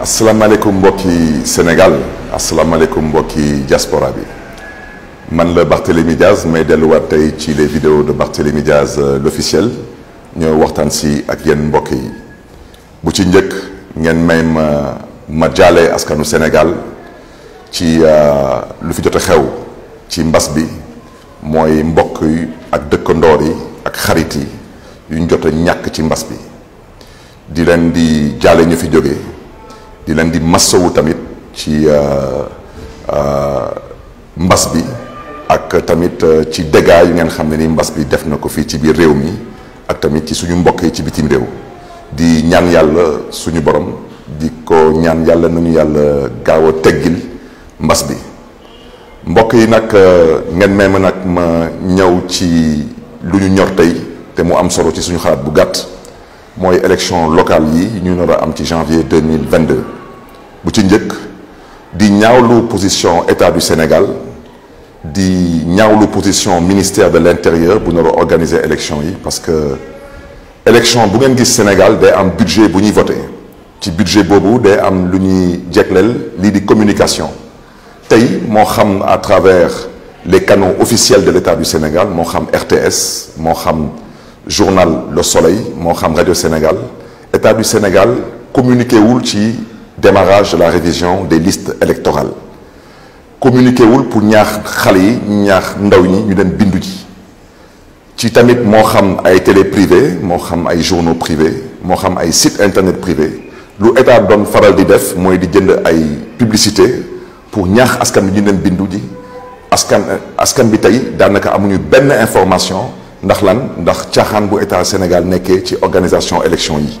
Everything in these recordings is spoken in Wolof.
asalaamaaleykum mbokki Sénégal asalaamaaleykum mbokki jaspora bi man la Barthélémy Diaz may delluwaat tey ci le vidéos de Barthélémy Diaz euh, l'officiel ñoo waxtaan si ak yenn mbokk yi bu ci njëkk ngeen may ma ma askanu Sénégal ci euh, lu fi jot a xew ci mbas bi mooy mbokk yi ak dëkkandoor yi ak xarit yi yuñ jot a ñàkk ci mbas bi di leen di jaale ñu fi jóge di leen di massawu tamit ci euh, euh, mbas bi ak tamit euh, ci dégâts yu ngeen xam ne ni mbas bi def na ko ci biir réew ak tamit ci suñu mbokk ci bitim réew di ñaan yàlla suñu borom di ko ñaan a teggil bi ngeen ma ci ñor mu am solo ci suñu bu élection locale yi ñu a am ci janvier 2022 bu ci di état du Sénégal di ñaawlu position ministère de l'Intérieur pour organiser élection parce que élection bu ngeen Sénégal day un budget bu ñuy voté ci budget bobo day am lu communication tey je à travers les canaux officiels de l'État du Sénégal je xam RTS moo journal Le Soleil je Radio Radio Sénégal état du Sénégal communiqué wul démarrage de la révision des listes électorales communiqué pour ñaax Khali, yi ñaax ndaw ñi ñu dem bindu a ci tamit moo xam ay télé privé xam journaux privés moo xam ay site internet privé L'État état doon faral di def di jënd ay publicité pour ñaax askan bi ñu bindu ji askan askan bi tey daanaka amuñu benn information ndax lan ndax état Sénégal nekkee ci organisation élection yi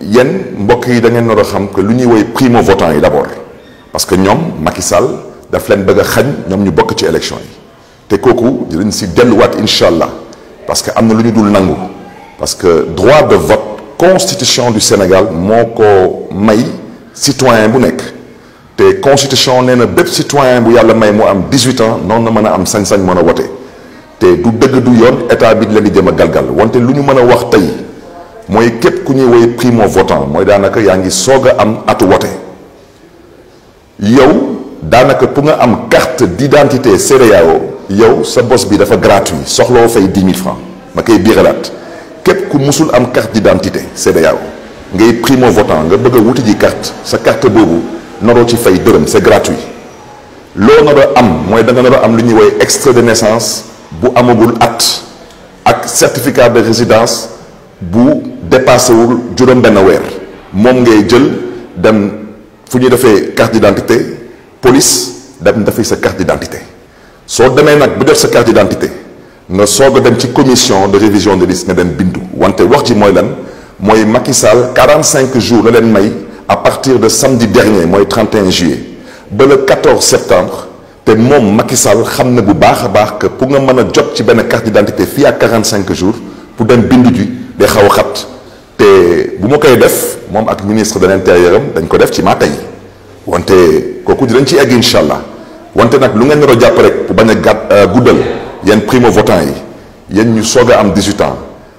que mbokk yi da que primo votant yi parce que ñoom Macky nous daf leen bëgg a xañ ñu bokk ci élection yi te si parce que nous na parce que droit de vote constitution du Sénégal moo may citoyen bu nekk constitution nee na bépp citoyen bu yàlla may 18 ans non na a am sañ-sañ mën du du yoon état bi galgal wax ku ñuy woy primo votant moy danaka yaa soga am atu voter yow danaka pour nga am carte d'identité CEDEAO yow sa boss bi dafa gratuit soxlo fay 10000 francs makay biralat kep képp ku musul am carte d'identité CEDEAO ngay primo votant nga bëgg a wuti ji carte sa carte bobu naroo ci fay deureum c'est gratuit lo nga do am moy da nga do am lu woy extrait de naissance bu amagul at ak certificat de résidence bu dépassé wul juróom benn weer moom ngay jël dem fu ñu defee carte d'identité police dem defi sa carte d'identité soo demee nag bu def sa carte d'identité nga soog a dem ci commission de révision de liste nga dem bindu wante wax ci mooy lan mooy Macky Sall 45 jours la leen may à partir de samedi dernier mooy 31 juillet ba le 14 septembre te moom Macky Sall xam na bu baax a baax que pour nga mën a jot ci benn carte d'identité fii 45 jours pour dem bindu ji day xaw a xat te bu ma koy def moom ak ministre de l'intérieur am dañ ko def ci maa tey wante kooku dinañ ci egg incha allah wante nag lu ngeen nar a rek bu bañ a euh, guddal yéen primo votant yi yéen ñu soog a am 18 ans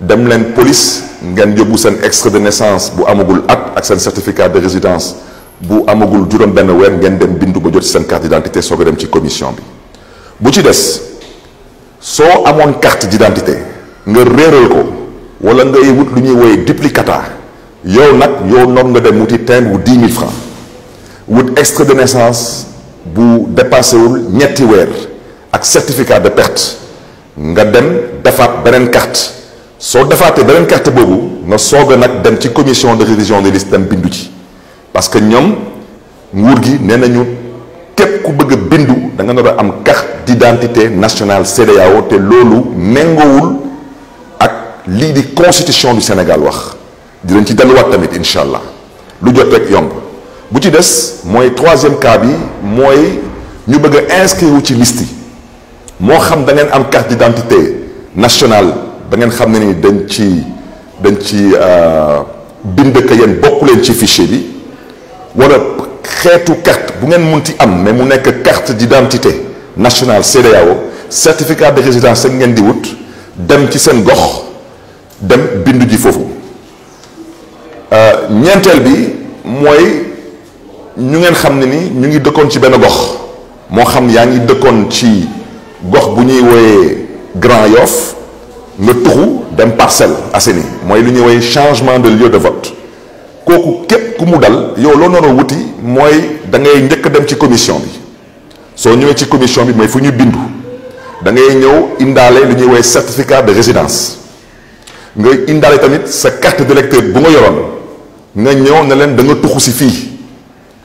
dem leen police ngeen yóbbu extrait de naissance bu amagul at ak seen certificat de résidence bu amagul juróom benn weer ngeen dem bindu ba jot seen carte d'identité soog a dem ci commission bi bu ci des soo amoon carte d'identité nga réeral ko wala ngay wut lu ñuy wooye duplicata yow nag yow noom nga dem wuti timbre bu 10 000 francs wut extra de naissance bu dépassé wul ñetti weer ak certificat de perte nga dem defaat beneen carte soo defaatee beneen carte boobu nga soog a nag dem ci commission de révision des listes dem bindu ci parce que ñoom nguur gi nee nañu képp ku bëgg a bindu da nga nar a am carte d'identité nationale CDAO te loolu méngoowul li di constitution du Sénégal wax dinañ ci wat tamit inshallah lu jot rek yomb bu ci moy 3e cas bi moy ñu bëgg inscrire ci liste mo xam da ngeen am carte d'identité nationale da ngeen xam ni dañ ci dañ ci euh, bind que yéen bokk leen ci fichier bi wala xeetu carte bu ngeen munti am mais mu nekk carte d'identité nationale CDAO certificat de résidence ak ngeen di wut dem ci seen gox dem bindu ji euh ñentel bi moy ñu ngeen xamni ni ñu ngi dëkkoon ci benn gox mo xam yaa ngi dëkkoon ci gox bu ñuy woyé Grand Yoff le trou dem Parcelles Assainies mooy lu ñuy wooyee changement de lieu de vote kooku képp ku mu dal yow loo noonu wuti moi da ngay njëkk dem ci commission bi soo ñëwee ci commission bi mooy fu ñu bindu da ngay ñëw indaale lu ñuy wooyee certificat de résidence nga indalé tamit sa carte d'électeur bu nga yoroon nga ñëw na leen da nga tuxu si fii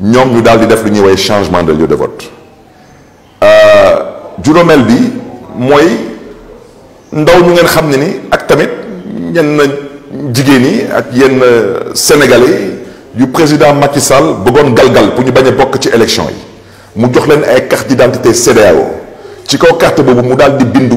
ñoom ñu di def lu ñuy way changement de lieu de vote euh, juromel bi moy ndaw ñu ngeen xam ni ak tamit ñen jigéen yi ak yenn sénégalais yu président Macky Sall bëggoon galgal pour ñu bañ a bokk ci élection yi mu jox leen ay carte d'identité CEDEAO ci kaw carte boobu mu daal di bindu.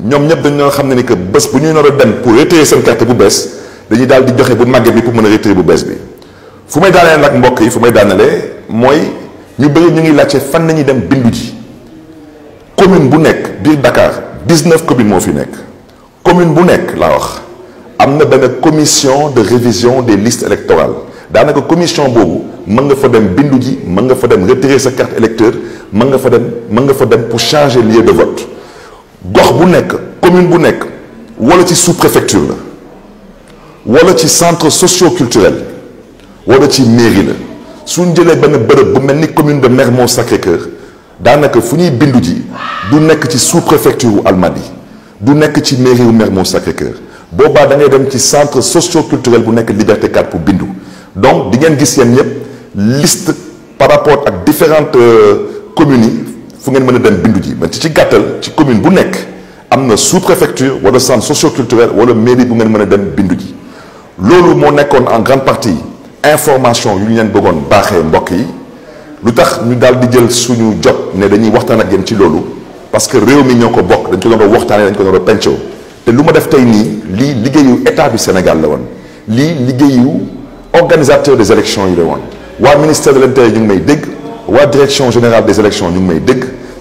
ñom ñëpp dañ doon xam ne que bés bu ñuy nar a dem pour retiré seen carte bu bees dañuy daal di joxe bu màgget bi pour mën a retiré bu bees bi fu may daanelee nag mbokk yi fu may daanelee mooy ñu bëri ñu ngi laajte fan nañuy dem bindu ji commune bu nekk biir Dakar 19 communes moo fi nekk commune bu nekk la wax am na benn commission de révision des listes électorales daanaka commission boobu mën nga fa dem bindu ji mën nga fa dem retirer sa carte électeur mën nga fa dem mën nga fa dem pour changer lieu de vote gox bu nekk commune bu nekk wala ci sous-préfecture la wala ci centre socio-culturel wala ci mairie la suñ jëlee benn bërëb bu mel ni commune de mont Sacré-Cœur daanaka fu ñuy bindu ji du nekk ci sous-préfecture Almadi, Almadies du nekk ci mairie wu mont Sacré-Cœur boobaa da ngay dem ci centre socio-culturel bu nekk Liberté 4 pour bindu donc di ngeen gis yeen ñëpp liste par rapport à différentes euh, communes fu ngeen mën dem bindu ji mais ci gàttal ci commune bu nekk am sous préfecture wala centre socioculturel wala mairie bu ngeen mën dem bindu ji loolu moo en grande partie information yu ñu leen bëggoon baaxee mbokk yi lu tax ñu daal di jël suñu jot ne dañuy ak ci parce que réew mi ñoo ko bokk dañ ko doon waxtaanee dañ ko doon pencoo te lu def tey nii lii liggéeyu état du Sénégal la woon lii organisateur des élections yi la woon waa ministère de l'intérieur nous ngi may dégg direction générale des élections nous ngi may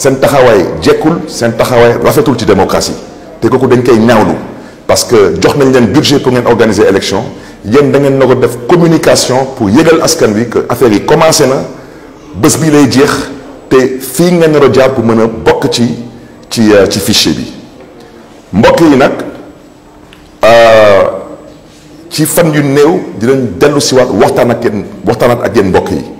sen taxaway jekkul sen taxaway rafetul ci démocratie te kooku dañ koy ñaawlu parce que jox nañ leen budget pour ngeen organiser élection yéen da ngeen na def communication pour yégal askan wi que affaire yi commencé na bëss bi lay jeex te fi ngeen nar a jaar pour mën a ci ci euh, ci fichier bi mbokk yi euh ci fan yu néew dinañ dellu siwaat waxtaan ak yéen waxtaanaat ak yéen mbokk yi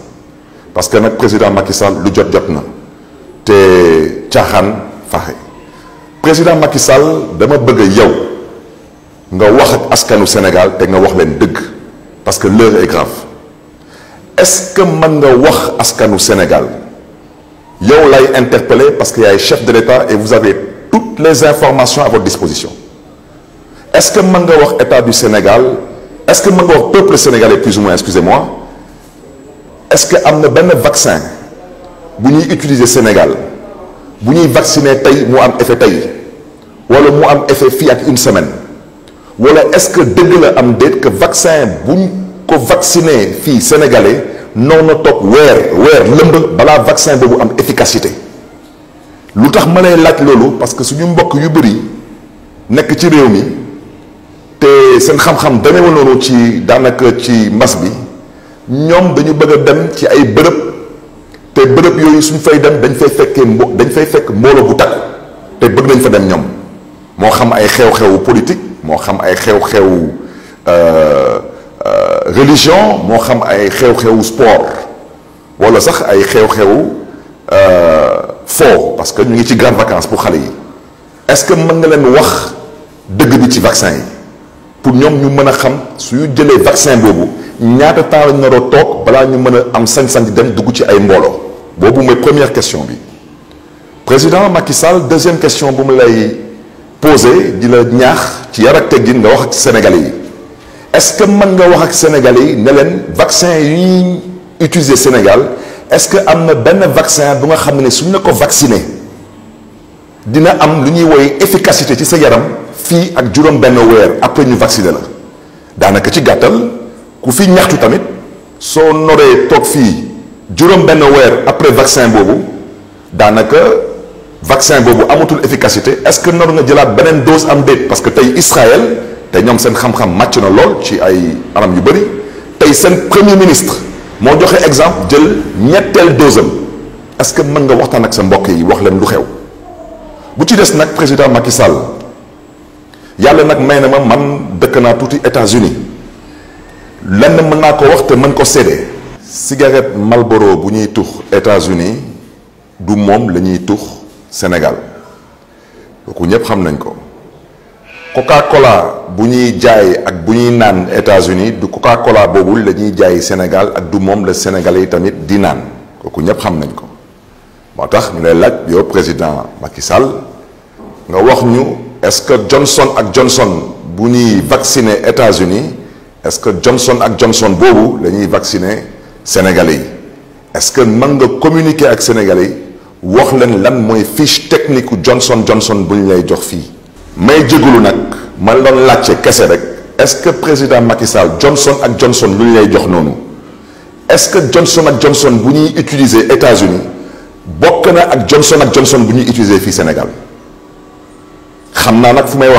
parce que notre président Macky Sall le jot jot na te caaxaan président Macky Sall dama bëgg yow nga wax ak askanu Sénégal té nga wax leen dëgg parce que l'heure est grave est-ce que mën nga wax askanu Sénégal yow lay interpeller parce que yaay chef de l'État et vous avez toutes les informations à votre disposition est-ce que mën nga wax état du Sénégal est-ce que mën nga wax peuple sénégalais plus ou moins excusez-moi est-ce que am ben vaccin bu ñuy utiliser Sénégal bu ñuy vacciner tay mu am effet tay wala mu am effet fii ak une semaine wala est-ce que deug la am deet que vaccin buñ ko vacciner fi sénégalais non na where weer weer lëmb vaccin boobu am efficacité lutax malay ma lay laaj parce que suñu mbokk yu bëri nek ci mi te seen xam-xam demeewul noonu ci danaka ci mbas bi ñoom dañu bëgg a dem ci ay bërëb te bërëb yooyu suñ fay dem dañ fay fekkee mbo dañ fay fekk mbooloo bu takku te bëgg nañ fa dem ñoom moo xam ay xew-xewu politique moo xam ay xew-xewu euh, euh, religion moo xam ay xew-xewu sport walla sax ay xew-xewu euh, foo parce que ñu ngi ci grande vacances pour xale yi est-ce que mën nga leen wax dëgg bi ci vaccin yi pour ñoom ñu mën a xam su suñu jëlee vaccin boobu. ñaata temps lañ tok toog balaa ñu mën a am sañ-sañ dem dugg ci ay mbolo boobu mooy première question bi président Macky Sall deuxième question bu mu lay posé di la ñaax ci yar ak teggin nga wax ak Sénégalais yi est-ce que mën nga wax ak Sénégalais yi ne leen vaccin yi ñuy utiliser Sénégal est-ce que am na benn vaccin bu nga xam ne suñ ko vacciné dina am lu ñuy woy efficacité ci sa yaram fii ak juróom benn weer après ñu vacciné la daanaka ci gàttal ku fi ñaxtu tamit soo noree toog fii juróom benn weer après vaccin boobu daanaka vaccin boobu amatul efficacité est-ce que nar nga jëlaat beneen dose am déet parce que tey Israël te ñoom seen xam-xam màcc na lool ci ay anam yu bëri tey seen premier ministre moo joxe exemple jël ñetteel dose est-ce que mën nga waxtaan ak sa mbokk yi wax leen lu xew bu ci des nag président Macky Sall yàlla nag may na ma man dëkk naa tuuti États-Unis lan mën naa ko wax te mën ko cédé cigarette malboro bu ñuy États-Unis du le la ñuy tux Sénégal kooku ñëpp xam nañ ko Coca-Cola bu ñuy jaay ak bu naan États-Unis du Coca-Cola boobu la ñuy jaay Sénégal ak du moom la Sénégalais yi tamit di naan kooku ñëpp xam nañ ko président Macky Sall nga wax ñu est-ce que Johnson ak Johnson bu ñuy vacciner États-Unis est-ce que Johnson ak Johnson Bobo sont vaccinés vacciner sénégalais est-ce que mën nga communiquer ak sénégalais leur wax quelle est la fiche technique Johnson Johnson bu ñu lay jox Je may jégalu nag man doon laajte kese rek est-ce que président Macky Sall Johnson ak Johnson lu ñu lay jox est-ce que Johnson ak Johnson bu ñuy utiliser États-Unis bokk na ak Johnson ak Johnson bu ñuy utiliser fi Sénégal que nak nag fu may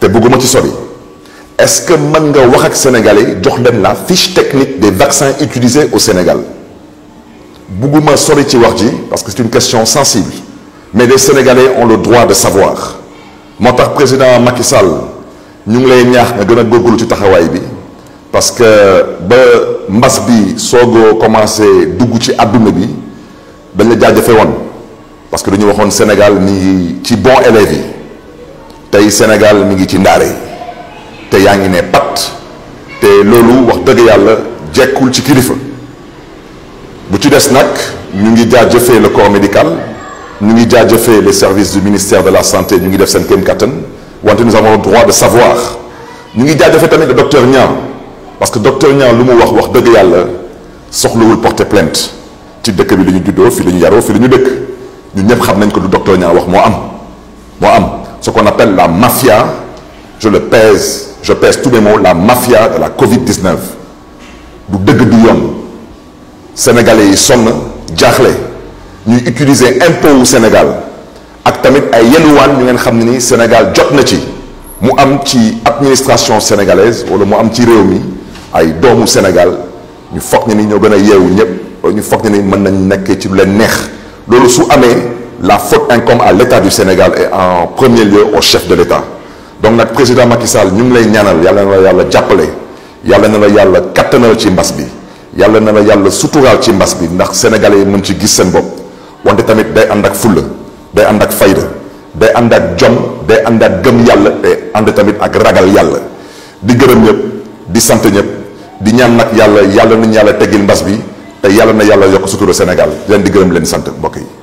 te bëgguma ci sori est-ce que mën wax ak sénégalais jox la fiche technique des vaccins utilisés au Sénégal buguma sori ci wax ji parce que c'est une question sensible mais les sénégalais ont le droit de savoir moo président Macky Sall ñu ngi lay ñaax nga gëna a ci taxaway bi parce que ba mbass bi sogo commencé dugg ci aduna bi dañ la jaajëfe parce que dañu waxone Sénégal ni ci bon élève yi tay Sénégal mi ngi ci ndaare te yaa ngi ne pat te lolu wax dëgg yalla jekkul ci kilifa bu ci dess nak ñu ngi jaajëfee le corps médical ñu ngi jaajëfee les services du ministère de la santé ñu ngi def seen kéem kattan wante nous avons le droit de savoir ñu ngi jaajëfee tamit le docteur Niang parce que docteur Niang lu mu wax wax dëgg yàlla soxlawul porter plainte ci dëkk bi la ñu juddoo fi la ñu yaroo fi la ñu dëkk ñun ñep xam nañ ko du docteur Niang wax mo am mo am ce qu'on appelle la mafia je le pèse, je pèse tous mes mots, la mafia de la Covid-19. Du deug du Sénégalais sont nous utilisons utiliser au Sénégal ak tamit ay a ñu ngeen Sénégal jot na ci administration sénégalaise wala mu am ci réew ay Sénégal nous avons ni Nous gën a avons nous avons fait nous avons nañ nekk la faute incombe à l'État du Sénégal et en premier lieu au chef de l'État donc nag président Macky Sall ñu ngi lay ñaanal yàlla na la yàlla jàppale yàlla na la yàlla kattanal ci mbas bi yàlla na la yàlla suturaal ci mbas bi ndax sénégalais yi mën ci gis seen bopp wante tamit day ànd ak fulla day ànd ak fayda day ànd ak jom day ànd ak gëm yàlla te ànd tamit ak ragal yàlla di gërëm ñëpp di sant ñëpp di ñaan nag yàlla yàlla nañu yàlla teggil mbas bi te yàlla na yàlla yokk sutura Sénégal leen di gërëm leen sant mbokk yi.